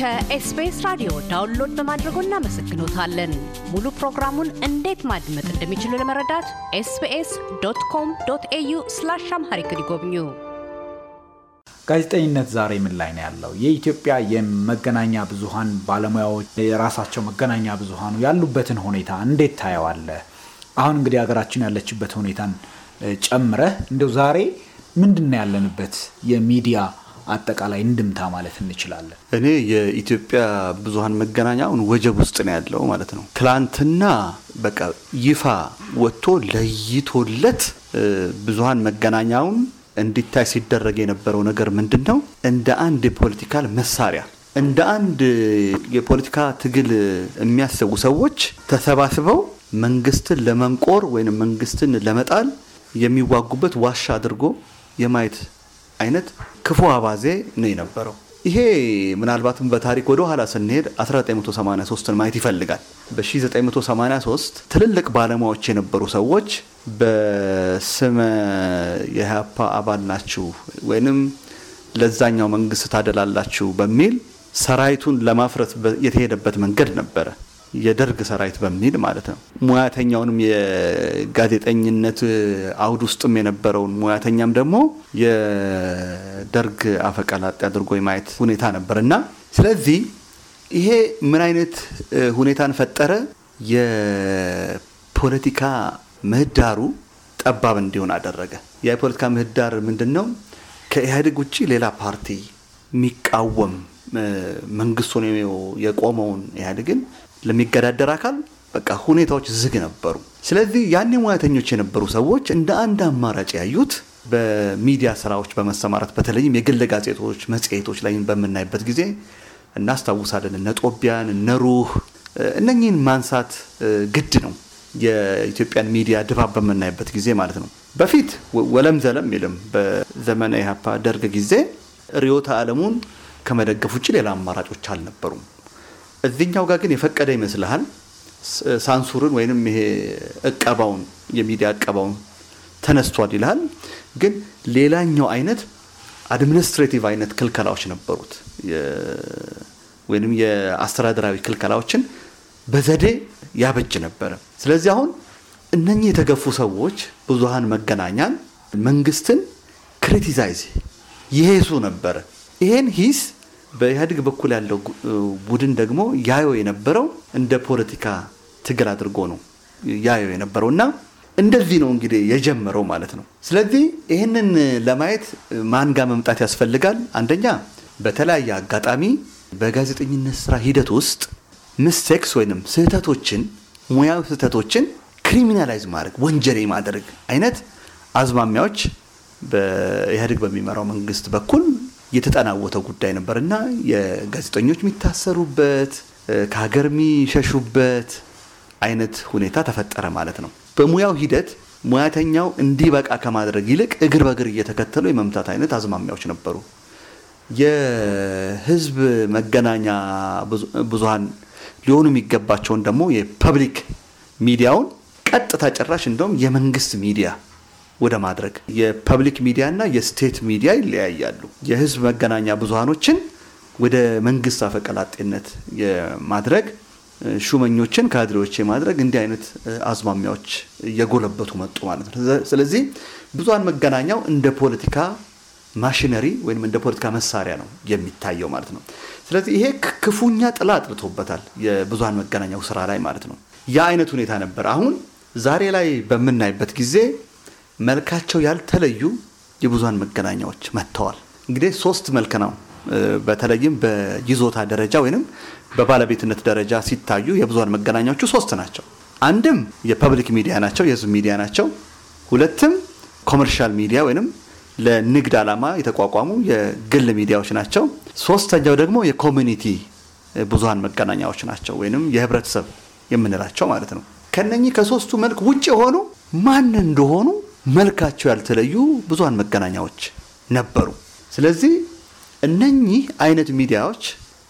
ከኤስቢኤስ ራዲዮ ዳውንሎድ በማድረጎ እናመሰግኖታለን። ሙሉ ፕሮግራሙን እንዴት ማድመጥ እንደሚችሉ ለመረዳት ኤስቢኤስ ዶት ኮም ዶት ኤዩ ስላሽ አምሃሪክ ይጎብኙ። ጋዜጠኝነት ዛሬ ምን ላይ ነው ያለው? የኢትዮጵያ የመገናኛ ብዙሀን ባለሙያዎች የራሳቸው መገናኛ ብዙሀኑ ያሉበትን ሁኔታ እንዴት ታየዋለህ? አሁን እንግዲህ ሀገራችን ያለችበት ሁኔታን ጨምረህ እንደው ዛሬ ምንድን ነው ያለንበት የሚዲያ አጠቃላይ እንድምታ ማለት እንችላለን? እኔ የኢትዮጵያ ብዙሀን መገናኛ አሁን ወጀብ ውስጥ ነው ያለው ማለት ነው። ትላንትና በቃ ይፋ ወጥቶ ለይቶለት ብዙሀን መገናኛውን እንዲታይ ሲደረግ የነበረው ነገር ምንድን ነው? እንደ አንድ የፖለቲካል መሳሪያ እንደ አንድ የፖለቲካ ትግል የሚያሰቡ ሰዎች ተሰባስበው መንግስትን ለመንቆር ወይም መንግስትን ለመጣል የሚዋጉበት ዋሻ አድርጎ የማየት አይነት ክፉ አባዜ ነው የነበረው። ይሄ ምናልባትም በታሪክ ወደ ኋላ ስንሄድ 1983ን ማየት ይፈልጋል። በ1983 ትልልቅ ባለሙያዎች የነበሩ ሰዎች በስመ የኢህአፓ አባል ናችሁ ወይንም ለዛኛው መንግስት ታደላላችሁ በሚል ሰራዊቱን ለማፍረት የተሄደበት መንገድ ነበረ። የደርግ ሰራዊት በሚል ማለት ነው። ሙያተኛውንም የጋዜጠኝነት አውድ ውስጥም የነበረውን ሙያተኛም ደግሞ የደርግ አፈቀላጤ አድርጎ የማየት ሁኔታ ነበር እና ስለዚህ ይሄ ምን አይነት ሁኔታን ፈጠረ? የፖለቲካ ምህዳሩ ጠባብ እንዲሆን አደረገ። ያ የፖለቲካ ምህዳር ምንድን ነው? ከኢህአዴግ ውጭ ሌላ ፓርቲ የሚቃወም መንግስቱን የቆመውን ኢህአዴግን ለሚገዳደር አካል በቃ ሁኔታዎች ዝግ ነበሩ። ስለዚህ ያኔ ሙያተኞች የነበሩ ሰዎች እንደ አንድ አማራጭ ያዩት በሚዲያ ስራዎች በመሰማራት በተለይም የግል ጋዜጦች፣ መጽሔቶች ላይ በምናይበት ጊዜ እናስታውሳለን። እነ ጦቢያን እነ ሩህ እነኚህን ማንሳት ግድ ነው። የኢትዮጵያን ሚዲያ ድባብ በምናይበት ጊዜ ማለት ነው። በፊት ወለም ዘለም ይልም በዘመነ ኢህአፓ ደርግ ጊዜ ርዕዮተ ዓለሙን ከመደገፍ ውጭ ሌላ አማራጮች አልነበሩም። እዚኛው ጋር ግን የፈቀደ ይመስልሃል ሳንሱርን ወይንም ይሄ እቀባውን የሚዲያ እቀባውን ተነስቷል ይልሃል። ግን ሌላኛው አይነት አድሚኒስትሬቲቭ አይነት ክልከላዎች ነበሩት ወይም የአስተዳደራዊ ክልከላዎችን በዘዴ ያበጅ ነበረ። ስለዚህ አሁን እነኚህ የተገፉ ሰዎች ብዙሃን መገናኛን፣ መንግስትን ክሪቲዛይዝ ይሄሱ ነበረ። ይሄን ሂስ በኢህአዴግ በኩል ያለው ቡድን ደግሞ ያየው የነበረው እንደ ፖለቲካ ትግል አድርጎ ነው ያየው የነበረው እና እንደዚህ ነው እንግዲህ የጀመረው ማለት ነው። ስለዚህ ይህንን ለማየት ማን ጋር መምጣት ያስፈልጋል? አንደኛ በተለያየ አጋጣሚ በጋዜጠኝነት ስራ ሂደት ውስጥ ምስቴክስ ወይንም ስህተቶችን፣ ሙያዊ ስህተቶችን ክሪሚናላይዝ ማድረግ ወንጀሌ ማድረግ አይነት አዝማሚያዎች በኢህአዴግ በሚመራው መንግስት በኩል የተጠናወተው ጉዳይ ነበር እና የጋዜጠኞች የሚታሰሩበት ከሀገር የሚሸሹበት አይነት ሁኔታ ተፈጠረ ማለት ነው። በሙያው ሂደት ሙያተኛው እንዲበቃ ከማድረግ ይልቅ እግር በእግር እየተከተሉ የመምታት አይነት አዝማሚያዎች ነበሩ። የህዝብ መገናኛ ብዙሃን ሊሆኑ የሚገባቸውን ደግሞ የፐብሊክ ሚዲያውን ቀጥታ ጭራሽ እንደውም የመንግስት ሚዲያ ወደ ማድረግ የፐብሊክ ሚዲያና የስቴት ሚዲያ ይለያያሉ። የህዝብ መገናኛ ብዙሃኖችን ወደ መንግስት አፈቀላጤነት የማድረግ ሹመኞችን ካድሬዎች የማድረግ እንዲህ አይነት አዝማሚያዎች እየጎለበቱ መጡ ማለት ነው። ስለዚህ ብዙሃን መገናኛው እንደ ፖለቲካ ማሽነሪ ወይም እንደ ፖለቲካ መሳሪያ ነው የሚታየው ማለት ነው። ስለዚህ ይሄ ክፉኛ ጥላ አጥልቶበታል የብዙሃን መገናኛው ስራ ላይ ማለት ነው። ያ አይነት ሁኔታ ነበር። አሁን ዛሬ ላይ በምናይበት ጊዜ መልካቸው ያልተለዩ የብዙሃን መገናኛዎች መጥተዋል። እንግዲህ ሶስት መልክ ነው በተለይም በይዞታ ደረጃ ወይም በባለቤትነት ደረጃ ሲታዩ የብዙሃን መገናኛዎቹ ሶስት ናቸው። አንድም የፐብሊክ ሚዲያ ናቸው፣ የህዝብ ሚዲያ ናቸው። ሁለትም ኮመርሻል ሚዲያ ወይም ለንግድ ዓላማ የተቋቋሙ የግል ሚዲያዎች ናቸው። ሶስተኛው ደግሞ የኮሚኒቲ ብዙሃን መገናኛዎች ናቸው፣ ወይም የህብረተሰብ የምንላቸው ማለት ነው። ከነኚህ ከሶስቱ መልክ ውጭ የሆኑ ማን እንደሆኑ መልካቸው ያልተለዩ ብዙሃን መገናኛዎች ነበሩ። ስለዚህ እነኚህ አይነት ሚዲያዎች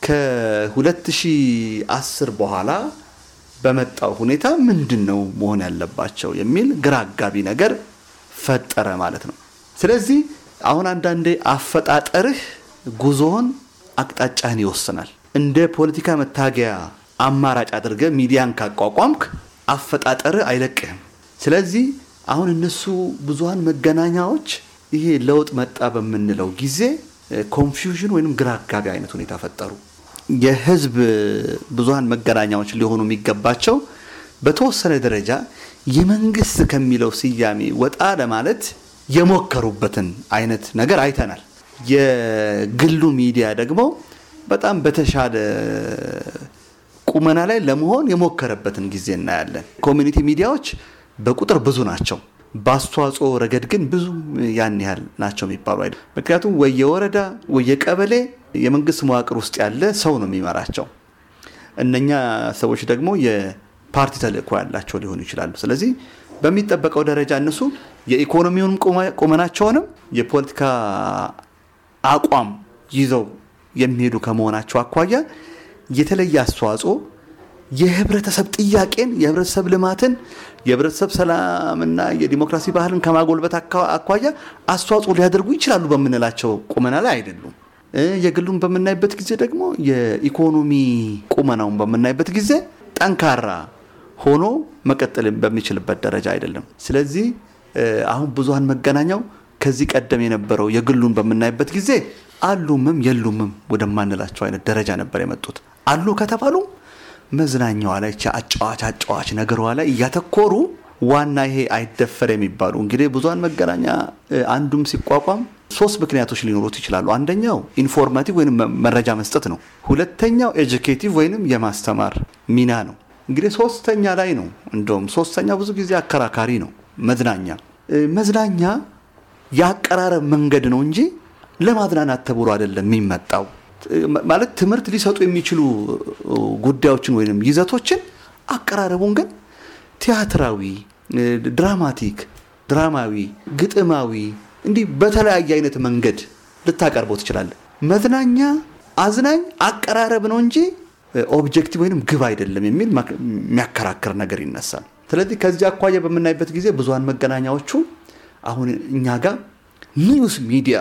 ከ2010 በኋላ በመጣው ሁኔታ ምንድን ነው መሆን ያለባቸው የሚል ግራ አጋቢ ነገር ፈጠረ ማለት ነው። ስለዚህ አሁን አንዳንዴ አፈጣጠርህ ጉዞህን፣ አቅጣጫህን ይወስናል። እንደ ፖለቲካ መታገያ አማራጭ አድርገህ ሚዲያን ካቋቋምክ አፈጣጠርህ አይለቅህም። ስለዚህ አሁን እነሱ ብዙሀን መገናኛዎች ይሄ ለውጥ መጣ በምንለው ጊዜ ኮንፊውዥን ወይም ግራ አጋቢ አይነት ሁኔታ ፈጠሩ። የህዝብ ብዙሀን መገናኛዎች ሊሆኑ የሚገባቸው በተወሰነ ደረጃ የመንግስት ከሚለው ስያሜ ወጣ ለማለት የሞከሩበትን አይነት ነገር አይተናል። የግሉ ሚዲያ ደግሞ በጣም በተሻለ ቁመና ላይ ለመሆን የሞከረበትን ጊዜ እናያለን። ኮሚኒቲ ሚዲያዎች በቁጥር ብዙ ናቸው። በአስተዋጽኦ ረገድ ግን ብዙ ያን ያህል ናቸው የሚባሉ አይደለም። ምክንያቱም ወየወረዳ ወየቀበሌ የመንግስት መዋቅር ውስጥ ያለ ሰው ነው የሚመራቸው። እነኛ ሰዎች ደግሞ የፓርቲ ተልእኮ ያላቸው ሊሆኑ ይችላሉ። ስለዚህ በሚጠበቀው ደረጃ እነሱ የኢኮኖሚውን ቁመናቸውንም የፖለቲካ አቋም ይዘው የሚሄዱ ከመሆናቸው አኳያ የተለየ አስተዋጽኦ የህብረተሰብ ጥያቄን የህብረተሰብ ልማትን የህብረተሰብ ሰላምና የዲሞክራሲ ባህልን ከማጎልበት አኳያ አስተዋጽኦ ሊያደርጉ ይችላሉ በምንላቸው ቁመና ላይ አይደሉም። የግሉን በምናይበት ጊዜ ደግሞ የኢኮኖሚ ቁመናውን በምናይበት ጊዜ ጠንካራ ሆኖ መቀጠል በሚችልበት ደረጃ አይደለም። ስለዚህ አሁን ብዙሃን መገናኛው ከዚህ ቀደም የነበረው የግሉን በምናይበት ጊዜ አሉምም የሉምም ወደማንላቸው አይነት ደረጃ ነበር የመጡት። አሉ ከተባሉ መዝናኛዋ ላይ አጫዋች አጫዋች ነገሯ ላይ እያተኮሩ ዋና ይሄ አይደፈር የሚባሉ እንግዲህ ብዙሃን መገናኛ አንዱም ሲቋቋም ሶስት ምክንያቶች ሊኖሩት ይችላሉ። አንደኛው ኢንፎርማቲቭ ወይም መረጃ መስጠት ነው። ሁለተኛው ኤጁኬቲቭ ወይንም የማስተማር ሚና ነው። እንግዲህ ሶስተኛ ላይ ነው። እንደውም ሶስተኛ ብዙ ጊዜ አከራካሪ ነው። መዝናኛ መዝናኛ የአቀራረብ መንገድ ነው እንጂ ለማዝናናት ተብሎ አይደለም የሚመጣው ማለት ትምህርት ሊሰጡ የሚችሉ ጉዳዮችን ወይም ይዘቶችን አቀራረቡን ግን ቲያትራዊ፣ ድራማቲክ፣ ድራማዊ፣ ግጥማዊ እንዲህ በተለያየ አይነት መንገድ ልታቀርበው ትችላለህ። መዝናኛ አዝናኝ አቀራረብ ነው እንጂ ኦብጀክቲቭ ወይም ግብ አይደለም የሚል የሚያከራክር ነገር ይነሳል። ስለዚህ ከዚህ አኳያ በምናይበት ጊዜ ብዙሃን መገናኛዎቹ አሁን እኛ ጋር ኒውስ ሚዲያ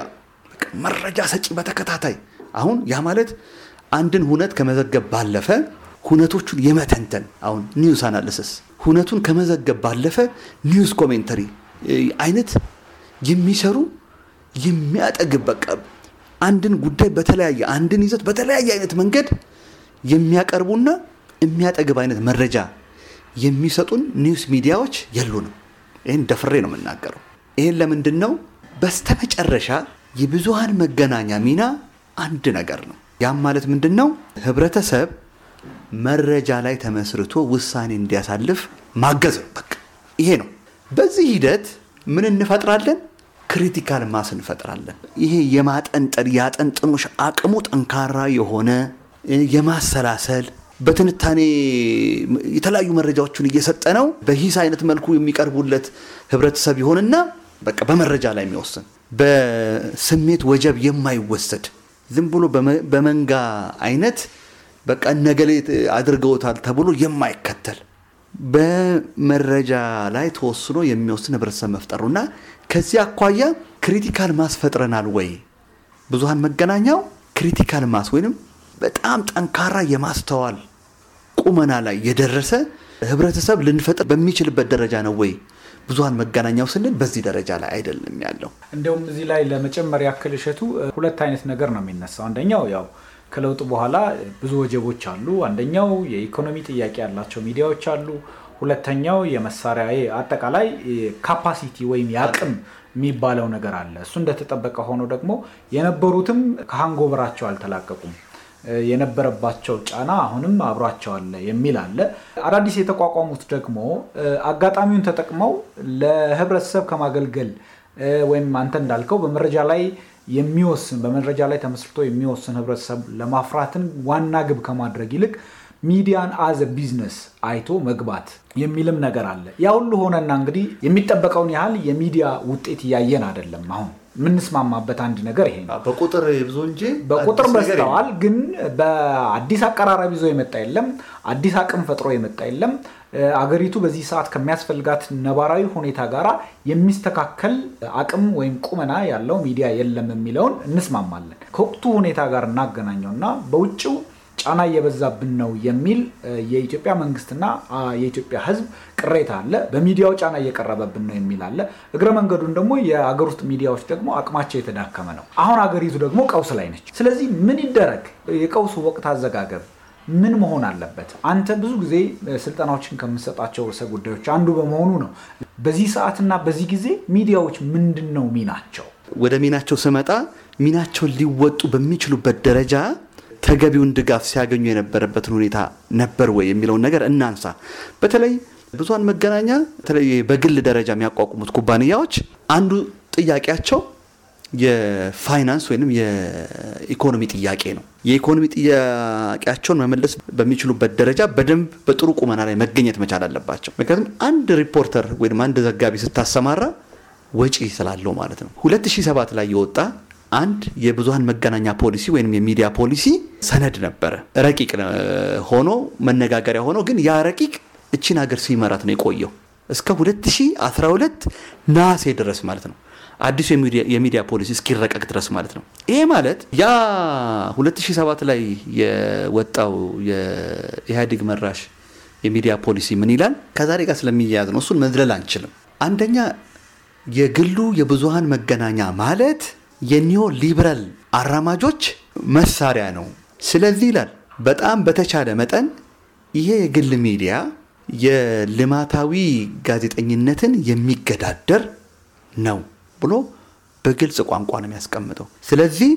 መረጃ ሰጪ በተከታታይ አሁን ያ ማለት አንድን ሁነት ከመዘገብ ባለፈ ሁነቶቹን የመተንተን አሁን ኒውስ አናልስስ ሁነቱን ከመዘገብ ባለፈ ኒውስ ኮሜንተሪ አይነት የሚሰሩ የሚያጠግብ በቃ አንድን ጉዳይ በተለያየ አንድን ይዘት በተለያየ አይነት መንገድ የሚያቀርቡና የሚያጠግብ አይነት መረጃ የሚሰጡን ኒውስ ሚዲያዎች የሉንም። ይህን ደፍሬ ነው የምናገረው። ይህን ለምንድን ነው በስተመጨረሻ የብዙሃን መገናኛ ሚና አንድ ነገር ነው። ያም ማለት ምንድን ነው? ህብረተሰብ መረጃ ላይ ተመስርቶ ውሳኔ እንዲያሳልፍ ማገዝ ነው። በቃ ይሄ ነው። በዚህ ሂደት ምን እንፈጥራለን? ክሪቲካል ማስ እንፈጥራለን። ይሄ የማጠንጠን የአጠንጥኖች አቅሙ ጠንካራ የሆነ የማሰላሰል በትንታኔ የተለያዩ መረጃዎችን እየሰጠ ነው በሂስ አይነት መልኩ የሚቀርቡለት ህብረተሰብ ይሆንና በቃ በመረጃ ላይ የሚወስን በስሜት ወጀብ የማይወሰድ ዝም ብሎ በመንጋ አይነት በቃ ነገሌ አድርገውታል ተብሎ የማይከተል በመረጃ ላይ ተወስኖ የሚወስን ህብረተሰብ መፍጠሩ እና ከዚህ አኳያ ክሪቲካል ማስ ፈጥረናል ወይ? ብዙሀን መገናኛው ክሪቲካል ማስ ወይም በጣም ጠንካራ የማስተዋል ቁመና ላይ የደረሰ ህብረተሰብ ልንፈጥር በሚችልበት ደረጃ ነው ወይ ብዙሀን መገናኛው ስንል በዚህ ደረጃ ላይ አይደለም ያለው። እንደውም እዚህ ላይ ለመጨመር ያክል እሸቱ ሁለት አይነት ነገር ነው የሚነሳው። አንደኛው ያው ከለውጥ በኋላ ብዙ ወጀቦች አሉ። አንደኛው የኢኮኖሚ ጥያቄ ያላቸው ሚዲያዎች አሉ። ሁለተኛው የመሳሪያ አጠቃላይ ካፓሲቲ ወይም የአቅም የሚባለው ነገር አለ። እሱ እንደተጠበቀ ሆኖ ደግሞ የነበሩትም ከሃንጎቨራቸው አልተላቀቁም። የነበረባቸው ጫና አሁንም አብሯቸው አለ የሚል አለ። አዳዲስ የተቋቋሙት ደግሞ አጋጣሚውን ተጠቅመው ለህብረተሰብ ከማገልገል ወይም አንተ እንዳልከው በመረጃ ላይ የሚወስን በመረጃ ላይ ተመስርቶ የሚወስን ህብረተሰብ ለማፍራትን ዋና ግብ ከማድረግ ይልቅ ሚዲያን አዘ ቢዝነስ አይቶ መግባት የሚልም ነገር አለ። ያ ሁሉ ሆነና እንግዲህ የሚጠበቀውን ያህል የሚዲያ ውጤት እያየን አይደለም አሁን የምንስማማበት አንድ ነገር ይሄ ነው። በቁጥር ብዙ እንጂ በቁጥር በስተዋል፣ ግን በአዲስ አቀራረብ ይዞ የመጣ የለም። አዲስ አቅም ፈጥሮ የመጣ የለም። አገሪቱ በዚህ ሰዓት ከሚያስፈልጋት ነባራዊ ሁኔታ ጋር የሚስተካከል አቅም ወይም ቁመና ያለው ሚዲያ የለም የሚለውን እንስማማለን። ከወቅቱ ሁኔታ ጋር እናገናኘውና በውጭው ጫና እየበዛብን ነው የሚል የኢትዮጵያ መንግስትና የኢትዮጵያ ህዝብ ቅሬታ አለ። በሚዲያው ጫና እየቀረበብን ነው የሚል አለ። እግረ መንገዱን ደግሞ የአገር ውስጥ ሚዲያዎች ደግሞ አቅማቸው የተዳከመ ነው። አሁን አገሪቱ ደግሞ ቀውስ ላይ ነች። ስለዚህ ምን ይደረግ? የቀውሱ ወቅት አዘጋገብ ምን መሆን አለበት? አንተ ብዙ ጊዜ ስልጠናዎችን ከምሰጣቸው ርዕሰ ጉዳዮች አንዱ በመሆኑ ነው። በዚህ ሰዓትና በዚህ ጊዜ ሚዲያዎች ምንድን ነው ሚናቸው? ወደ ሚናቸው ስመጣ ሚናቸውን ሊወጡ በሚችሉበት ደረጃ ተገቢውን ድጋፍ ሲያገኙ የነበረበትን ሁኔታ ነበር ወይ የሚለውን ነገር እናንሳ። በተለይ ብዙሃን መገናኛ በተለይ በግል ደረጃ የሚያቋቁሙት ኩባንያዎች አንዱ ጥያቄያቸው የፋይናንስ ወይም የኢኮኖሚ ጥያቄ ነው። የኢኮኖሚ ጥያቄያቸውን መመለስ በሚችሉበት ደረጃ በደንብ በጥሩ ቁመና ላይ መገኘት መቻል አለባቸው። ምክንያቱም አንድ ሪፖርተር ወይም አንድ ዘጋቢ ስታሰማራ ወጪ ስላለው ማለት ነው። 2007 ላይ የወጣ አንድ የብዙሀን መገናኛ ፖሊሲ ወይም የሚዲያ ፖሊሲ ሰነድ ነበረ። ረቂቅ ሆኖ መነጋገሪያ ሆኖ ግን ያ ረቂቅ እችን ሀገር ሲመራት ነው የቆየው እስከ 2012 ነሐሴ ድረስ ማለት ነው። አዲሱ የሚዲያ ፖሊሲ እስኪረቀቅ ድረስ ማለት ነው። ይሄ ማለት ያ 2007 ላይ የወጣው የኢህአዴግ መራሽ የሚዲያ ፖሊሲ ምን ይላል? ከዛሬ ጋር ስለሚያያዝ ነው። እሱን መዝለል አንችልም። አንደኛ የግሉ የብዙሀን መገናኛ ማለት የኒዮ ሊበራል አራማጆች መሳሪያ ነው። ስለዚህ ይላል በጣም በተቻለ መጠን ይሄ የግል ሚዲያ የልማታዊ ጋዜጠኝነትን የሚገዳደር ነው ብሎ በግልጽ ቋንቋ ነው የሚያስቀምጠው። ስለዚህ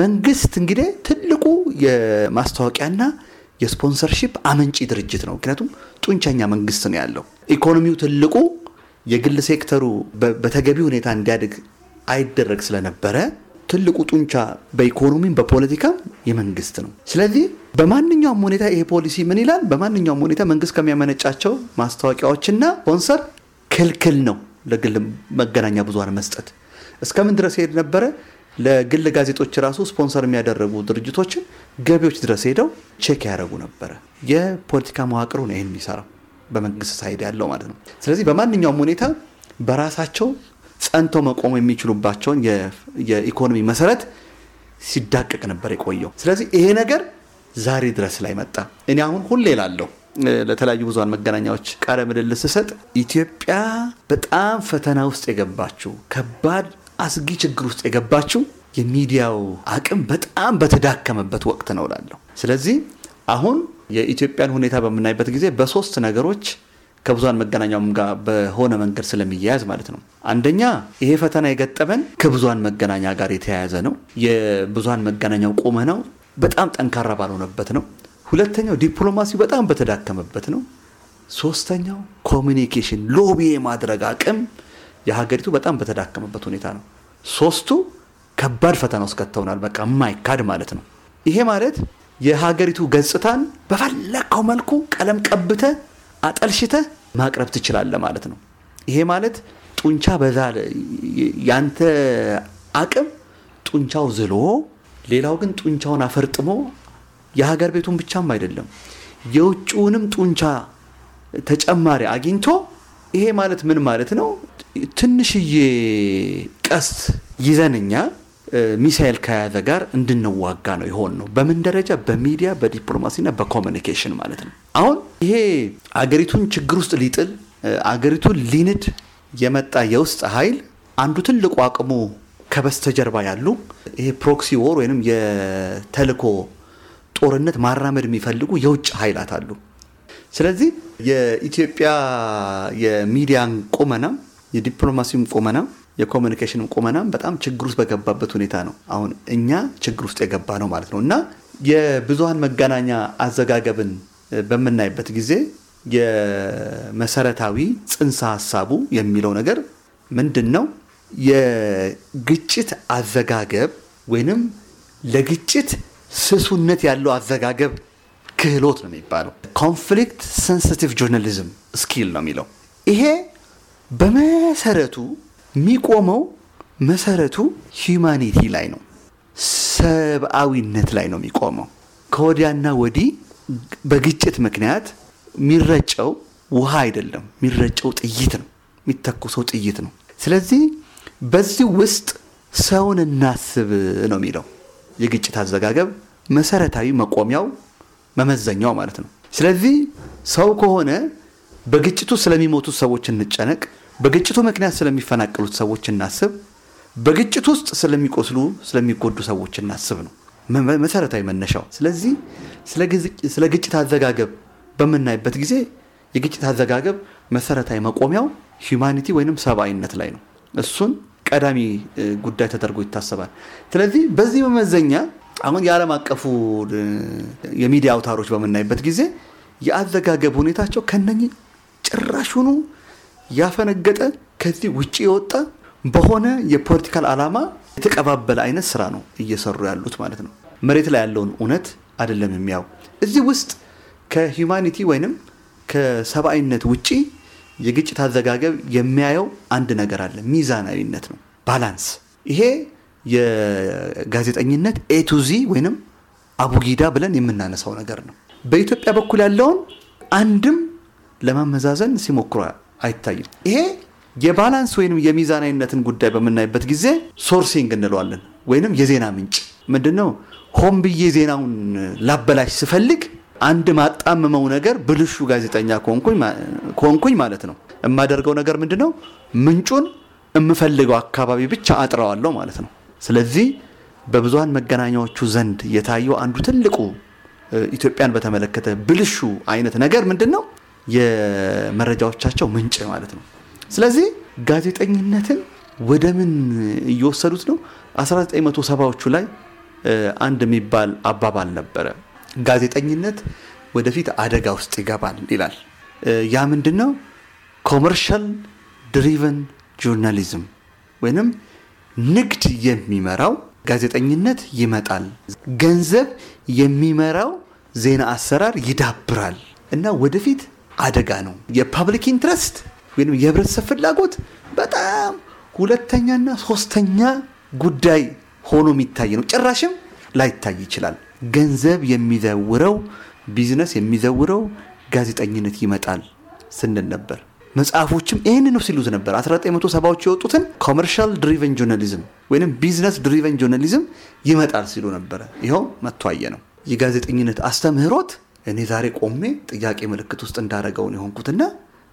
መንግስት እንግዲህ ትልቁ የማስታወቂያና የስፖንሰርሺፕ አመንጪ ድርጅት ነው። ምክንያቱም ጡንቸኛ መንግስት ነው ያለው። ኢኮኖሚው ትልቁ የግል ሴክተሩ በተገቢ ሁኔታ እንዲያድግ አይደረግ ስለነበረ ትልቁ ጡንቻ በኢኮኖሚም በፖለቲካም የመንግስት ነው። ስለዚህ በማንኛውም ሁኔታ ይሄ ፖሊሲ ምን ይላል? በማንኛውም ሁኔታ መንግስት ከሚያመነጫቸው ማስታወቂያዎችና ስፖንሰር ክልክል ነው ለግል መገናኛ ብዙሃን መስጠት። እስከምን ድረስ ሄድ ነበረ? ለግል ጋዜጦች ራሱ ስፖንሰር የሚያደረጉ ድርጅቶችን ገቢዎች ድረስ ሄደው ቼክ ያደረጉ ነበረ። የፖለቲካ መዋቅሩ ነው ይህን የሚሰራው በመንግስት ሳይድ ያለው ማለት ነው። ስለዚህ በማንኛውም ሁኔታ በራሳቸው ጸንቶ መቆም የሚችሉባቸውን የኢኮኖሚ መሰረት ሲዳቀቅ ነበር የቆየው። ስለዚህ ይሄ ነገር ዛሬ ድረስ ላይ መጣ። እኔ አሁን ሁሌ እላለሁ ለተለያዩ ብዙሃን መገናኛዎች ቃለ ምልልስ ስሰጥ ኢትዮጵያ በጣም ፈተና ውስጥ የገባችው ከባድ አስጊ ችግር ውስጥ የገባችው የሚዲያው አቅም በጣም በተዳከመበት ወቅት ነው እላለሁ። ስለዚህ አሁን የኢትዮጵያን ሁኔታ በምናይበት ጊዜ በሶስት ነገሮች ከብዙሃን መገናኛውም ጋር በሆነ መንገድ ስለሚያያዝ ማለት ነው። አንደኛ ይሄ ፈተና የገጠመን ከብዙሃን መገናኛ ጋር የተያያዘ ነው። የብዙሃን መገናኛው ቁመናው በጣም ጠንካራ ባልሆነበት ነው። ሁለተኛው ዲፕሎማሲው በጣም በተዳከመበት ነው። ሶስተኛው ኮሚኒኬሽን ሎቢ የማድረግ አቅም የሀገሪቱ በጣም በተዳከመበት ሁኔታ ነው። ሶስቱ ከባድ ፈተና ውስጥ ከተውናል። በቃ የማይካድ ማለት ነው። ይሄ ማለት የሀገሪቱ ገጽታን በፈለግከው መልኩ ቀለም ቀብተ አጠልሽተህ ማቅረብ ትችላለህ ማለት ነው። ይሄ ማለት ጡንቻ በዛ ያንተ አቅም ጡንቻው ዝሎ፣ ሌላው ግን ጡንቻውን አፈርጥሞ የሀገር ቤቱን ብቻም አይደለም የውጭውንም ጡንቻ ተጨማሪ አግኝቶ ይሄ ማለት ምን ማለት ነው? ትንሽዬ ቀስት ይዘንኛ ሚሳኤል ከያዘ ጋር እንድንዋጋ ነው የሆን ነው። በምን ደረጃ? በሚዲያ በዲፕሎማሲና በኮሚኒኬሽን ማለት ነው። አሁን ይሄ አገሪቱን ችግር ውስጥ ሊጥል አገሪቱን ሊንድ የመጣ የውስጥ ኃይል አንዱ ትልቁ አቅሙ ከበስተጀርባ ያሉ ይሄ ፕሮክሲ ወር ወይም የተልኮ ጦርነት ማራመድ የሚፈልጉ የውጭ ኃይላት አሉ። ስለዚህ የኢትዮጵያ የሚዲያን ቁመና፣ የዲፕሎማሲም ቁመና፣ የኮሚኒኬሽንም ቁመናም በጣም ችግር ውስጥ በገባበት ሁኔታ ነው አሁን እኛ ችግር ውስጥ የገባ ነው ማለት ነው እና የብዙሀን መገናኛ አዘጋገብን በምናይበት ጊዜ የመሰረታዊ ጽንሰ ሀሳቡ የሚለው ነገር ምንድን ነው? የግጭት አዘጋገብ ወይንም ለግጭት ስሱነት ያለው አዘጋገብ ክህሎት ነው የሚባለው። ኮንፍሊክት ሴንስቲቭ ጆርናሊዝም ስኪል ነው የሚለው። ይሄ በመሰረቱ የሚቆመው መሰረቱ ሂዩማኒቲ ላይ ነው፣ ሰብአዊነት ላይ ነው የሚቆመው። ከወዲያና ወዲህ በግጭት ምክንያት የሚረጨው ውሃ አይደለም፣ የሚረጨው ጥይት ነው፣ የሚተኮሰው ጥይት ነው። ስለዚህ በዚህ ውስጥ ሰውን እናስብ ነው የሚለው የግጭት አዘጋገብ መሰረታዊ መቆሚያው መመዘኛው ማለት ነው። ስለዚህ ሰው ከሆነ በግጭቱ ስለሚሞቱት ሰዎች እንጨነቅ፣ በግጭቱ ምክንያት ስለሚፈናቀሉት ሰዎች እናስብ፣ በግጭቱ ውስጥ ስለሚቆስሉ ስለሚጎዱ ሰዎች እናስብ ነው። መሰረታዊ መነሻው። ስለዚህ ስለ ግጭት አዘጋገብ በምናይበት ጊዜ የግጭት አዘጋገብ መሰረታዊ መቆሚያው ሂዩማኒቲ ወይንም ሰብአዊነት ላይ ነው። እሱን ቀዳሚ ጉዳይ ተደርጎ ይታሰባል። ስለዚህ በዚህ መመዘኛ አሁን የዓለም አቀፉ የሚዲያ አውታሮች በምናይበት ጊዜ የአዘጋገብ ሁኔታቸው ከነኚህ ጭራሹኑ ያፈነገጠ ከዚህ ውጭ የወጣ በሆነ የፖለቲካል ዓላማ የተቀባበለ አይነት ስራ ነው እየሰሩ ያሉት ማለት ነው። መሬት ላይ ያለውን እውነት አይደለም የሚያው እዚህ ውስጥ ከሂዩማኒቲ ወይንም ከሰብአዊነት ውጪ የግጭት አዘጋገብ የሚያየው አንድ ነገር አለ። ሚዛናዊነት ነው፣ ባላንስ። ይሄ የጋዜጠኝነት ኤቱዚ ወይንም አቡጊዳ ብለን የምናነሳው ነገር ነው። በኢትዮጵያ በኩል ያለውን አንድም ለማመዛዘን ሲሞክሩ አይታይም። ይሄ የባላንስ ወይንም የሚዛናዊነትን ጉዳይ በምናይበት ጊዜ ሶርሲንግ እንለዋለን ወይንም የዜና ምንጭ ምንድን ነው? ሆን ብዬ ዜናውን ላበላሽ ስፈልግ አንድ ማጣምመው ነገር ብልሹ ጋዜጠኛ ከሆንኩኝ ማለት ነው የማደርገው ነገር ምንድን ነው? ምንጩን የምፈልገው አካባቢ ብቻ አጥረዋለሁ ማለት ነው። ስለዚህ በብዙሀን መገናኛዎቹ ዘንድ የታየው አንዱ ትልቁ ኢትዮጵያን በተመለከተ ብልሹ አይነት ነገር ምንድን ነው? የመረጃዎቻቸው ምንጭ ማለት ነው። ስለዚህ ጋዜጠኝነትን ወደ ምን እየወሰዱት ነው? 1970ዎቹ ላይ አንድ የሚባል አባባል ነበረ። ጋዜጠኝነት ወደፊት አደጋ ውስጥ ይገባል ይላል። ያ ምንድን ነው? ኮመርሻል ድሪቨን ጆርናሊዝም ወይንም ንግድ የሚመራው ጋዜጠኝነት ይመጣል። ገንዘብ የሚመራው ዜና አሰራር ይዳብራል እና ወደፊት አደጋ ነው። የፐብሊክ ኢንትረስት ወይም የህብረተሰብ ፍላጎት በጣም ሁለተኛና ሶስተኛ ጉዳይ ሆኖ የሚታይ ነው። ጭራሽም ላይታይ ይችላል። ገንዘብ የሚዘውረው ቢዝነስ የሚዘውረው ጋዜጠኝነት ይመጣል ስንል ነበር። መጽሐፎችም ይህን ነው ሲሉት ነበር። 1970ዎቹ የወጡትን ኮመርሻል ድሪቨን ጆርናሊዝም ወይም ቢዝነስ ድሪቨን ጆርናሊዝም ይመጣል ሲሉ ነበረ። ይኸው መቷየ ነው። የጋዜጠኝነት አስተምህሮት እኔ ዛሬ ቆሜ ጥያቄ ምልክት ውስጥ እንዳደረገውን የሆንኩትና